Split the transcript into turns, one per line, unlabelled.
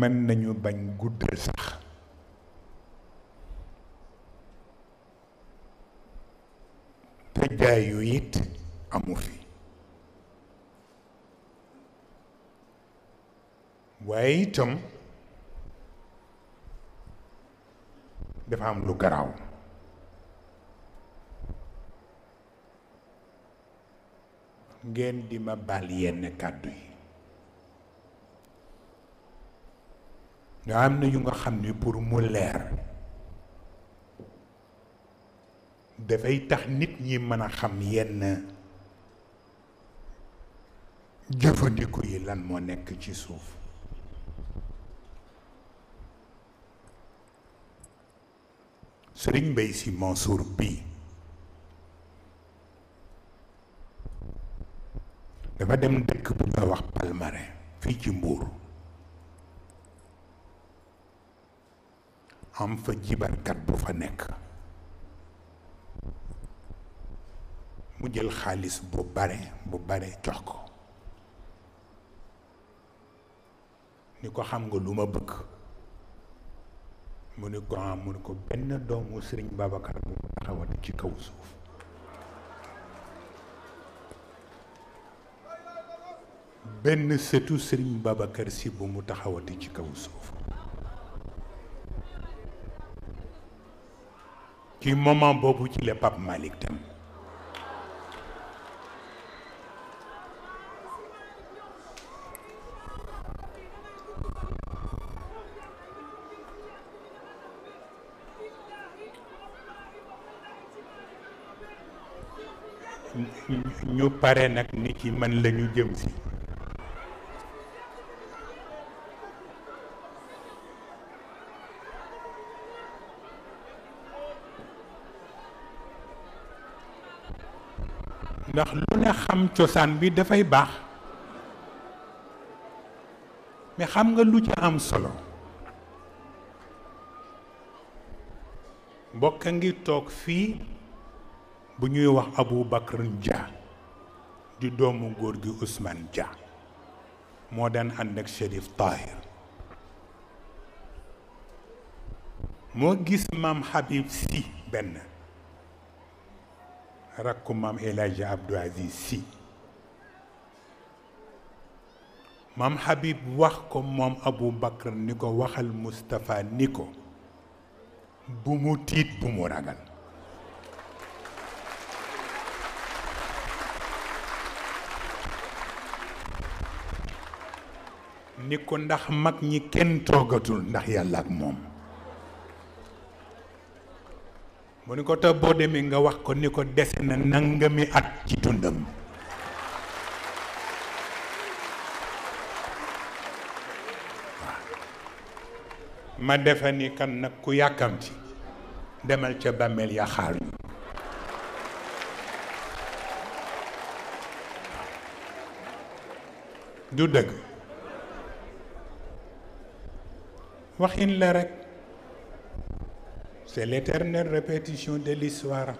mën nañu bañ guddal sax te jaayu it amu fi waaye itam dafa am lu garaaw ngeen di ma baal yenn kàddu yi daa am na yu nga xam ni pour mu leer dafay tax nit ñi mën a xam yenn jëfandiku yi lan moo nekk ci suuf Sëriñ bay Si Mansour bii dafa dem dëkk bu nga wax Palmarin fii ci Mbuur am fa jibarkat bu fa nekk mu jël xaalis bu bare bu bare jox ko ni ko xam nga lu ma bëgg mu ni ko am ah, mu ni ko benn doomu Sëriñ Babacar bu mu taxawati ci kaw suuf benn setu Sëriñ Babacar si bu mu taxawati ci kaw suuf ci moment bobu ci le Pape malik tam ñu paré nak ni ci man lañu jëm ci ndax lu ne xam cosaan bi dafay baax mais xam nga lu ci am solo mbokk a ngi toog fii bu ñuy wax Abou Bakr Dia di doomu góor gi Ousmane Dia moo daan ànd ak Chérif Tahir moo gis maam Habib si benn rakku maam El Abdou Aziz si mam Habib wax ko moom Abou Bakr niko ko waxal Moustapha ni ko bu mu tiit bu mu ragal ni ko ndax mag ñi kenn toogatul ndax yàlla ak moom mu ni ko te boo demee nga wax ko ni ko dese na nangami at ci dundam ma defe ni kan nag ku yàkkamti demal ca bàmmeel ya xaar ñu du dëgg waxin la rekk C'est l'éternelle répétition de l'histoire.